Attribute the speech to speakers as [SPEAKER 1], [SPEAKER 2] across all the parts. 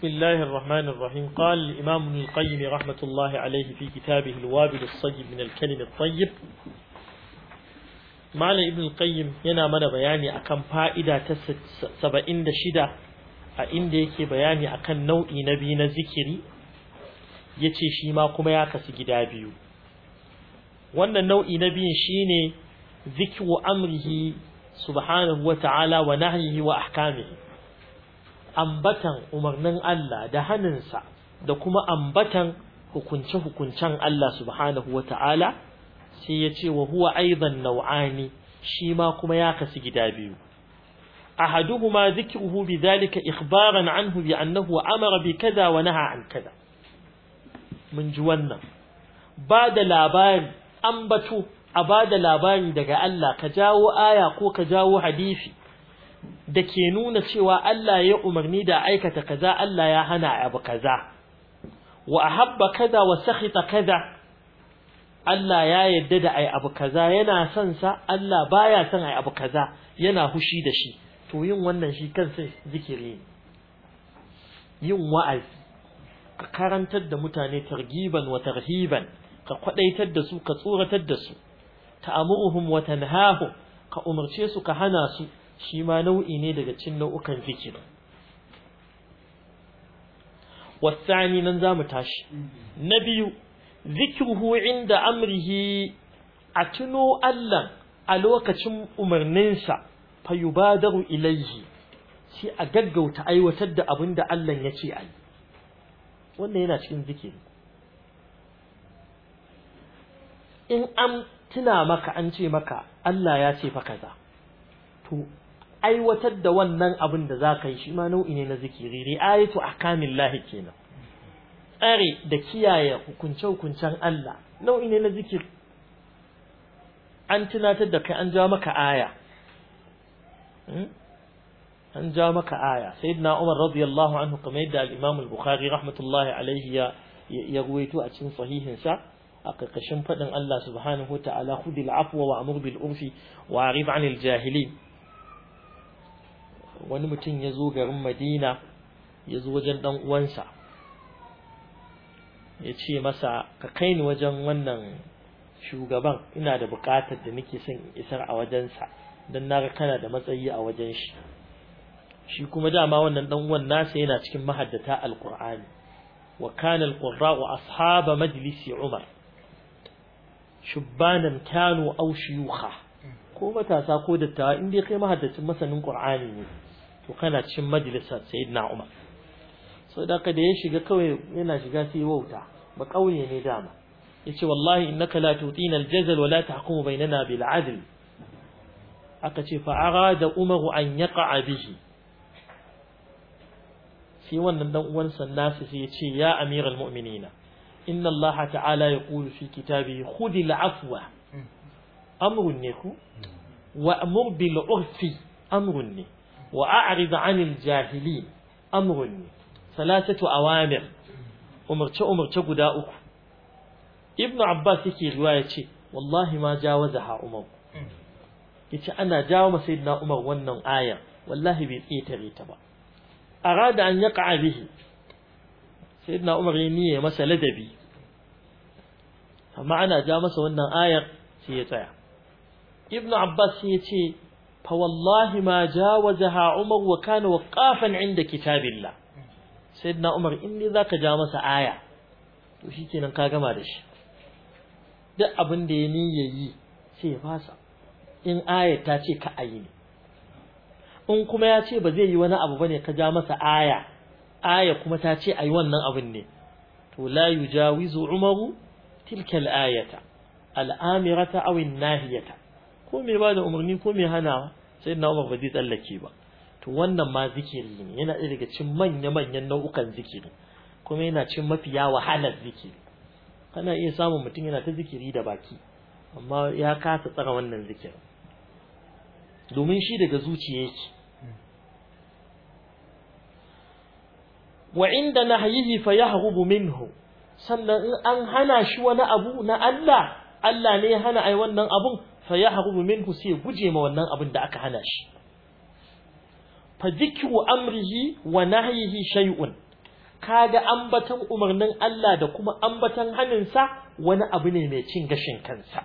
[SPEAKER 1] بسم الله الرحمن الرحيم قال الإمام ابن القيم رحمة الله عليه في كتابه الوابل الصيب من الكلم الطيب معنى ابن القيم ينا من بياني أكم فائدة تسد سبعين دشدة أين ديك بياني أكم نوعي نبينا ذكري يتي شيما كما يكس جدابيو وأن نوعي نبي شيني ذكر أمره سبحانه وتعالى ونهيه وأحكامه ambatan umarnin Allah da hannunsa da kuma ambatan hukunce-hukuncen Allah subhanahu wa ta’ala sai ya ce wa aizan nau’ani shi ma kuma ya kasi gida biyu. A haduhu ma zikiruhu bi zalika ikhbaran anhu bi annahu amara bi kada wa naha an kada. Mun ji wannan, ba da labari ambato a ba da labari daga Allah ka jawo aya ko ka jawo hadisi da ke nuna cewa Allah ya umarni da aikata kaza Allah ya hana abu kaza wa ahabba kaza wa sakhita kaza Allah ya yadda da ai abu kaza yana son sa Allah baya son ai abu kaza yana hushi da shi to yin wannan shi kansa zikiri yin wa'azi ka karantar da mutane targiban wa tarhiban ka kwadaitar da su ka tsoratar da su ta'amuruhum wa tanhahum ka umarce su ka hana su shi ma nau'i ne daga cin nau'ukan zikiri wasani nan za mu tashi na biyu zikruhu inda amrihi a tuno Allah a lokacin umarninsa fa yubadaru ilaihi sai a gaggauta aiwatar da abin da Allah ya ce a yi wannan yana cikin zikiri in an tuna maka an ce maka Allah ya ce fa kaza to aiwatar da wannan abin da za ka yi shi ma nau'i ne na zikiri ri'ayatu ahkamillahi kenan tsare da kiyaye hukunce-hukuncen Allah nau'i ne na zikiri an tunatar da kai an ja maka aya hmm? an ja maka aya sayyidina Umar radiyallahu anhu kamar yadda al-Imam al-Bukhari rahmatullahi alaihi ya ya ruwaito a cikin sahihin sa a karkashin fadin Allah subhanahu wa ta'ala khudil afwa wa amur bil urfi wa arif anil jahilin wani mutum ya zo garin madina ya zo wajen ɗan uwansa ya ce masa ka kai ni wajen wannan shugaban ina da buƙatar da nake son isar a wajensa don na kana da matsayi a wajen shi shi kuma dama wannan ɗan uwan nasa yana cikin mahaddata alƙur'ani wa kana alqurra'u ashaba majlisi umar shubbanan kanu aw ko matasa ko dattawa in dai kai mahaddacin masanin ƙur'ani ne ko kana cin majalisar sayyidina Umar so da ka da ya shiga kawai yana shiga sai wauta ba kauye ne dama yace wallahi innaka la tutina al wa la tahkumu bainana bil adl aka ce fa arada umaru an yaqa bihi sai wannan dan uwan sannasi sai yace ya amiral mu'minina inna Allah ta'ala yaqulu fi kitabihi khudil afwa hmm. amrun ne ku hmm. wa amur bil urfi amrun ne وأعرض عن الجاهلين أمر ثلاثة أوامر أمرت أمرت قداؤك ابن عباس يكي رواية والله ما جاوزها أمر yace ana jawo ma sayyidina Umar wannan aya wallahi bai ƙetare ta ba arada an yaqa bihi sayyidina Umar ya niyya masa ladabi amma ana ja masa wannan ayar sai ya tsaya ibnu abbas ya ce فوالله ما جاوزها عمر وكان وقافا عند كتاب الله سيدنا عمر zaka ja masa aya. وشيكي ننقاق ka gama da abin da ya niyya sai ya fasa in aya ta ce ka ayi ne in kuma ya ce ba zai yi wani abu bane ka ja masa aya aya kuma ta ce ayi wannan abin ne to la yujawizu umaru tilkal ayata al-amirata aw an-nahiyata ko mai ba da umarni ko mai hanawa sai na umar ba zai tsallake ba to wannan ma zikiri ne yana ɗaya daga cikin manya-manyan nau'ukan zikiri kuma yana cin mafiya wahalar zikiri kana iya samun mutum yana ta zikiri da baki amma ya kasa tsara wannan zikirin domin shi daga zuciya yake wa ya nahyihi fayahrubu minhu sannan in an hana shi wani abu na Allah Allah ne ya hana ai wannan abun fa minhu sai guje ma wannan abin da aka hana shi fa dhikru amrihi wa nahyihi shay'un kaga ambatan umarnin Allah da kuma ambatan sa wani abu ne mai cin gashin kansa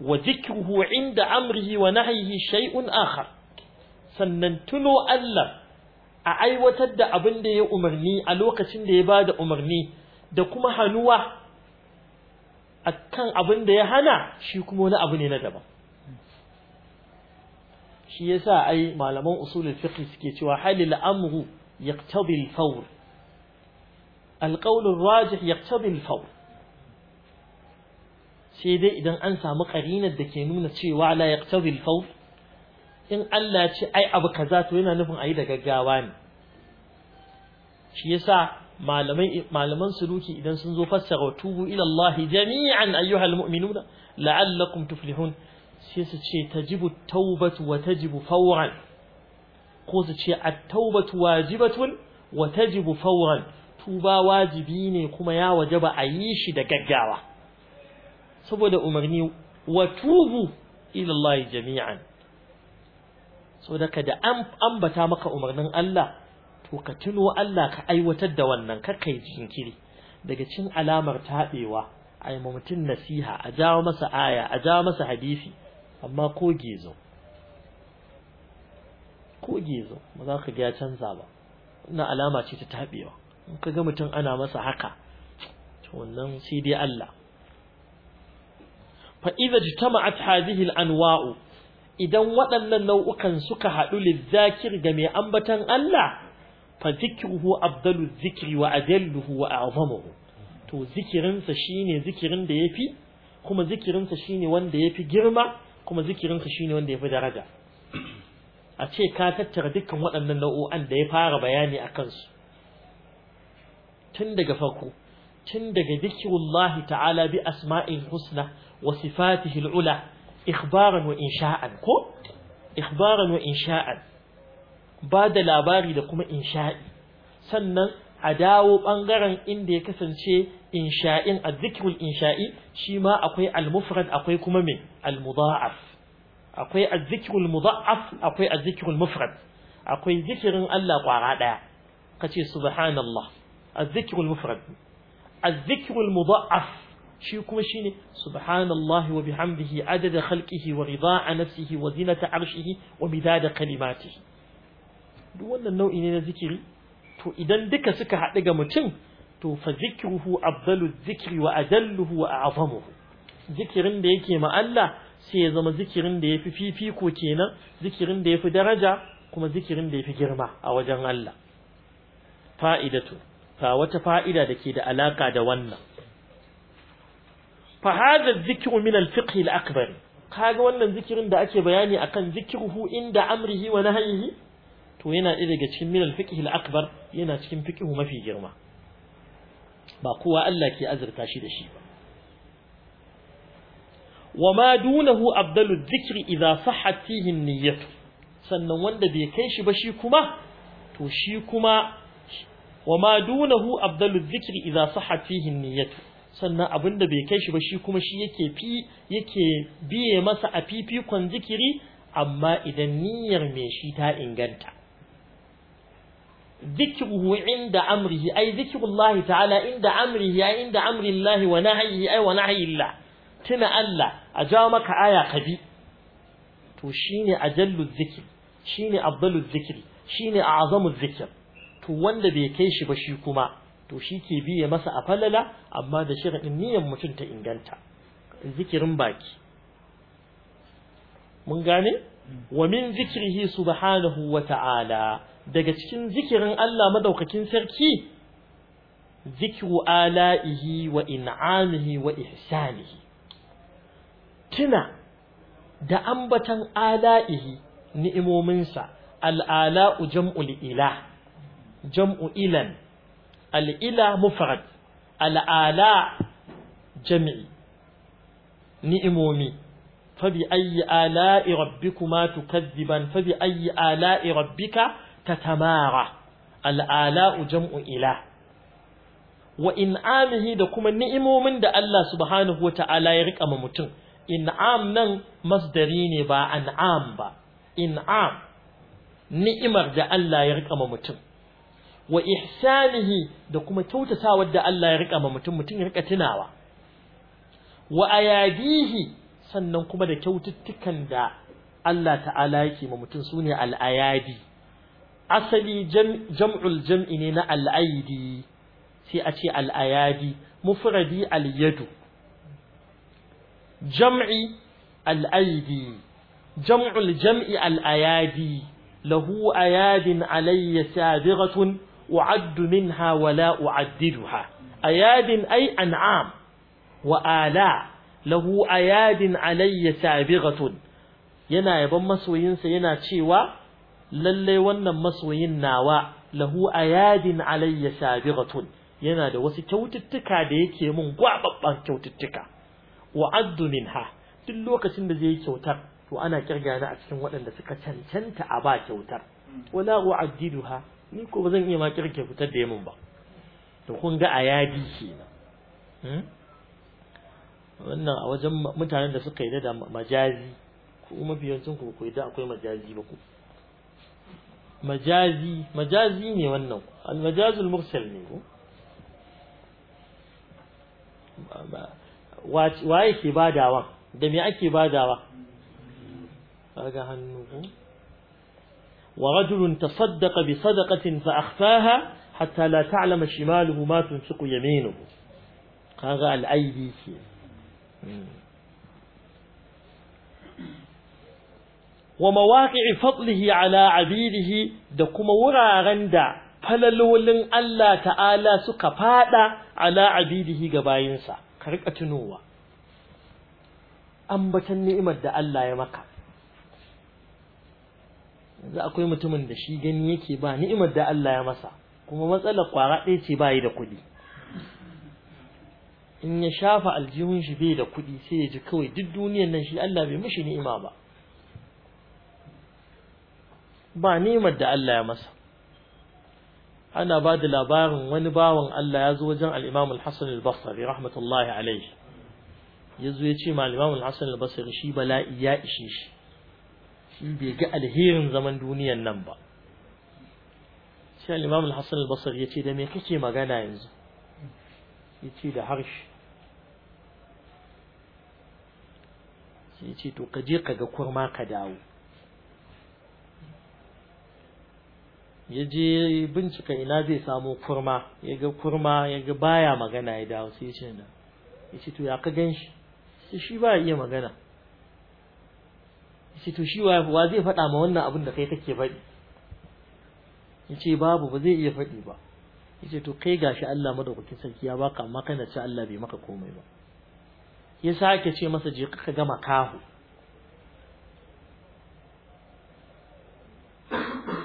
[SPEAKER 1] wa dhikruhu inda amrihi wa nahyihi shay'un akhar sannan tuno Allah a aiwatar da abin da ya umarni a lokacin da ya bada umarni da kuma hanuwa akan abin da ya hana shi kuma wani abu ne na daban shi yasa ai malaman usulul fiqh suke cewa halil amru yaqtabi al-fawr al-qawl ar-rajih yaqtabi al-fawr sai dai idan an samu qarinar da ke nuna cewa la yaqtabi al-fawr in Allah ya ce ai abu kaza to yana nufin ayi da gaggawa ne shi yasa malaman suluki idan sun zo fassara tubu ila Allah jami'an ayyuhal mu'minuna la'allakum tuflihun sai su ce tajibu tawbatu wa tajibu fawran ko su ce at-taubatu wajibatun wa tajibu fawran tuba wajibi ne kuma ya wajaba a yi shi da gaggawa saboda umarni wa tubu ila Allah jami'an Saboda da an ambata maka umarnin Allah to ka tuno Allah ka aiwatar da wannan ka kai jinkiri daga cin alamar taɓewa a yi mutum nasiha a jawo masa aya a jawo masa hadisi amma ko gezo ko gezo ba za ka ga canza ba na alama ce ta taɓewa in ka ga mutum ana masa haka to wannan sai dai Allah fa idza jitama'at hadhihi al-anwa'u idan waɗannan nau'ukan suka haɗu lizzakir ga mai ambatan Allah fa zikruhu afdalu zikri wa ajalluhu wa a'zamuhu to zikirinsa shine zikirin da yafi kuma zikirinsa shine wanda yafi girma kuma zikirinsa shine wanda yafi daraja a ce ka tattara dukkan waɗannan nau'o'an da ya fara bayani a kansu tun daga farko tun daga zikirullahi ta'ala bi asma'in husna wa sifatihi al'ula ikhbaran wa insha'an ko ikhbaran wa insha'an ba da labari da kuma insha'i sannan a dawo ɓangaren inda ya kasance insha'in azzikirul insha'i shi ma akwai almufrad akwai kuma me almudha'af akwai a azzikirul mudha'af akwai a azzikirul mufrad akwai zikirin Allah kwara Ka ce subhanallah a azzikirul mufrad azzikirul mudha'af shi kuma shi ne subhanallah wa bihamdihi adada khalqihi wa rida'a nafsihi wa zinata arshihi wa midada kalimatihi duk wannan nau'i ne na zikiri to idan duka suka haɗu ga mutum to fa zikruhu afdalu zikri wa ajalluhu wa a'zamuhu zikirin da yake ma Allah sai ya zama zikirin da yafi fifiko kenan zikirin da yafi daraja kuma zikirin da yafi girma a wajen Allah fa'idatu ta wata fa'ida da ke da alaka da wannan fa hadha dhikru min al-fiqh al-akbar kaga wannan zikirin da ake bayani akan zikruhu inda amrihi wa nahyihi to yana ɗaya daga cikin minal fiqh al yana cikin fiƙihu mafi girma ba kowa Allah ke azurta shi da shi ba wa ma dunahu Abdalu dhikri idza sahhat fihi an sannan wanda bai kai shi ba shi kuma to shi kuma wa ma dunahu Abdalu dhikri idza sahhat fihi an sannan abinda bai kai shi ba shi kuma shi yake fi yake biye masa a fifikon zikiri amma idan niyyar me shi ta inganta ذكره عند أمره أي ذكر الله تعالى عند أمره أي عند أمر الله ونهيه أي ونهي الله تنا ألا أجامك آية قبي تشيني أجل الذكر شيني أفضل الذكر شيني أعظم الذكر تولى بيكيش بشيكما تشيكي بي مسا أفللا أما ذا شيء إني يمتن تإنجنتا الذكر باكي من قاني ومن ذكره سبحانه وتعالى daga cikin zikirin Allah madaukakin sarki zikiru ala'ihi wa in'amihi wa ihsanihi tuna da ambatan ala'ihi ni'imominsa al'ala'u jam'ul ila jam'u ilan al'ila mufrad al'ala jami'i ni'imomi bi ayyi ala'i rabbikuma fa bi ayyi ala'i rabbika tatamara al'ala'u jam'u ila wa in'amihi da kuma ni'imomin da Allah subhanahu wata'ala ya rika ma mutum in'am nan masdari ne ba an'am ba in'am ni'imar da Allah ya rika ma mutum wa ihsanihi da kuma kyautatawar da Allah ya rika ma mutum mutum ya rika tunawa wa ayadihi sannan kuma da kyaututtukan da Allah ta'ala yake ma mutum sune al-ayadi asali jam'ul jam'i ne na al'aidi sai a ce al'ayadi mufradi alyadu jam'i al'aidi jam'ul jam'i al'ayadi lahu ayadin alayya sabiratun wa منها ولا أعددها أياد an'am أنعام وآلاء a yadin alayya sabiratun yana yaban masoyinsa yana cewa lallai wannan masoyin nawa lahu ayadin alayya sabighatun yana da wasu kyaututtuka da yake mun gwababban kyaututtuka wa addu minha duk lokacin da zai kyautar to ana kirga ni a cikin waɗanda suka cancanta a ba kyautar wala ha, ni ko ba zan iya ma kirke fitar da yamin ba to kun ga ayadi kenan hmm? wannan a wajen mutanen da suka yi da majazi ko mafiyancin ku ku yi da akwai majazi ba ku majazi majazi ne wannan almajazul mursal ne ko waye ke badawa da me ake badawa daga hannu ko fa تصدق hatta la ta'lama shimaluhu ma tunsiqu yaminuhu kaga al هذا ce wa mawaƙi fadlihi ala abidihi da kuma wuraren da falalolin Allah ta'ala suka faɗa ala abidihi ga bayinsa ka tunowa ambatan ni'imar da Allah ya maka Za akwai mutumin da shi gani yake ba ni'imar da Allah ya masa kuma matsalar kwara ɗaya ce bayi da kuɗi in ya shafa aljihun shi bai da kuɗi sai ya ji kawai duk duniyar nan shi Allah bai mishi ni'ima ba ba nimar da Allah ya masa ana ba da labarin wani bawan Allah ya zo wajen al-Imam al-Hasan al-Basri rahmatullahi alayhi ya zo ya ce ma al-Imam al-Hasan al-Basri shi bala'i ya ishe shi shi bai ga alherin zaman duniyan nan ba sai Al'imam imam al-Hasan al-Basri ya ce da me kake magana yanzu ya ce da harshe sai ya ce to ka je ka ga kurma ka dawo ya je bincika ina zai samo kurma ya ga kurma ya ga baya magana ya dawo sai ce na ya ce to ya ka gan shi sai shi ba iya magana ya ce to shi wa zai faɗa ma wannan abin da kai kake faɗi ya ce babu ba zai iya faɗi ba ya ce to kai gashi Allah madaukakin sarki ya baka amma kana ce Allah bai maka komai ba ya sake ce masa je ka gama kahu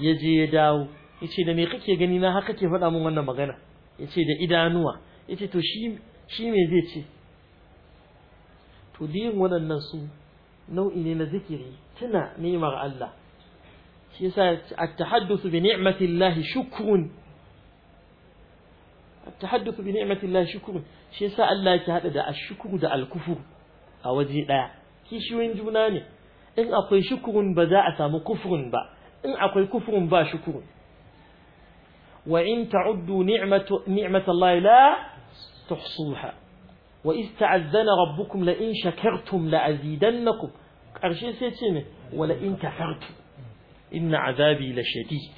[SPEAKER 1] ya je ya dawo ya ce da me kake gani na haka ke faɗa min wannan magana ya ce da idanuwa ya ce to shi me zai ce to yin waɗannan su nau'i ne na zikiri tuna ni'mar Allah shi yasa at-tahadduth bi ni'mati shukrun at bi Allah shukrun shi yasa Allah yake hada da ashkuru da al a waje daya kishiyoyin juna ne in akwai shukrun ba za a samu kufrun ba إن أقول كفر با شكر وإن تعدوا نعمة, نعمة الله لا تحصوها وإذ تعذن ربكم لئن شكرتم لأزيدنكم أرشي سيتسيمة ولئن كفرتم إن عذابي لشديد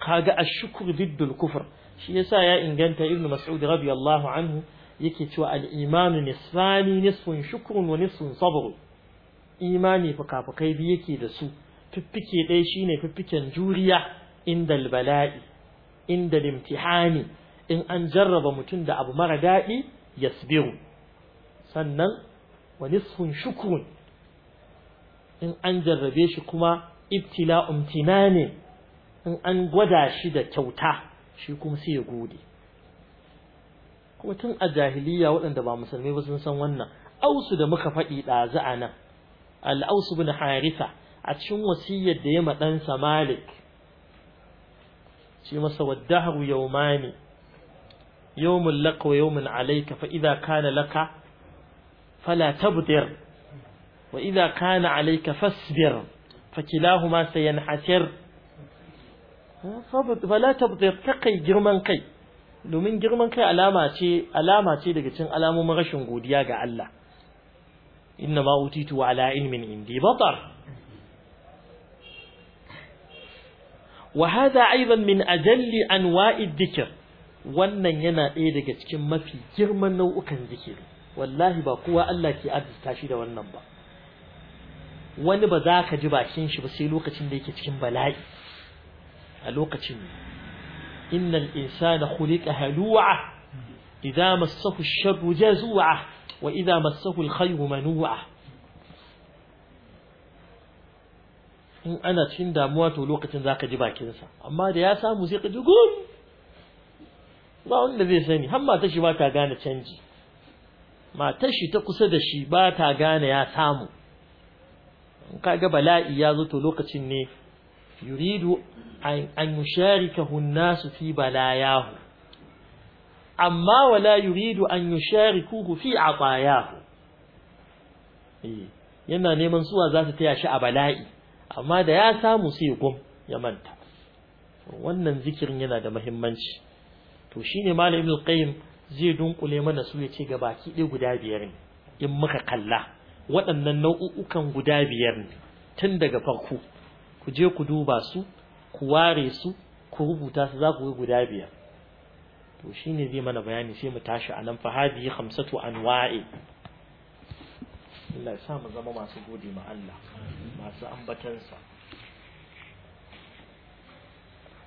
[SPEAKER 1] قاقع الشكر ضد الكفر شيء سايا إن جنت ابن مسعود رضي الله عنه يكتوى الإيمان نصفاني نصف شكر ونصف صبر إيماني فكا فكيف يكي سوء fiffike ɗaya shine fiffiken juriya inda bala'i inda limtihani in an jarraba mutum da abu mara daɗi yasbiru sannan wa nisfun shukun. in an jarrabe shi kuma ibtila umtina ne in an gwada shi da kyauta shi kuma sai ya gode kuma tun a jahiliya waɗanda ba musulmai ba sun san wannan ausu da muka faɗi ɗazu a nan al'ausu bin harisa a cikin wasiyyar da ya ma ɗansa Malik ce masa waddahu yawmani yawmun laka wa yawmun alayka fa idza kana laka fala tabdir wa idza kana alayka fasbir fa kilahu kilahuma sayanhasir fala ta kai girman kai domin girman kai alama ce alama ce daga cin alamomin rashin godiya ga Allah inna ma utitu ala ilmin indi batar وهذا أيضا من أجل أنواع الذكر wannan yana ɗaya daga cikin mafi girman nau'ukan zikiri wallahi ba kowa Allah ke azurta shi da wannan ba wani ba za ka ji bakin shi ba sai lokacin da yake cikin bala'i a lokacin innal insana khuliqa halu'a idza massahu ash-sharru jazu'a wa idza massahu al-khayru manu'a in ana cikin damuwa to lokacin zaka ji bakinsa amma da ya samu sai ka ji gum ba wanda zai sani har mata shi ba ta gane canji matar shi ta kusa da shi ba ta gane ya samu in kaga bala'i ya zo to lokacin ne yuridu an yusharikahu hunna nasu fi balayahu amma wala yuridu an yusharikuhu fi atayahu eh, yana neman suwa za su taya shi a bala'i amma da ya samu sai gum ya manta wannan zikirin yana da muhimmanci to shine malamin al qayyim zai dunkule mana su ya ga baki ɗaya guda biyar ne in muka kalla waɗannan nau'ukan guda biyar ne tun daga farko ku je ku duba su ku ware su ku rubuta su za ku ga guda biyar to shine zai mana bayani sai mu tashi anan fa hadi khamsatu anwa'i Allah ya sa mu zama masu gode ma Allah masu ambatansa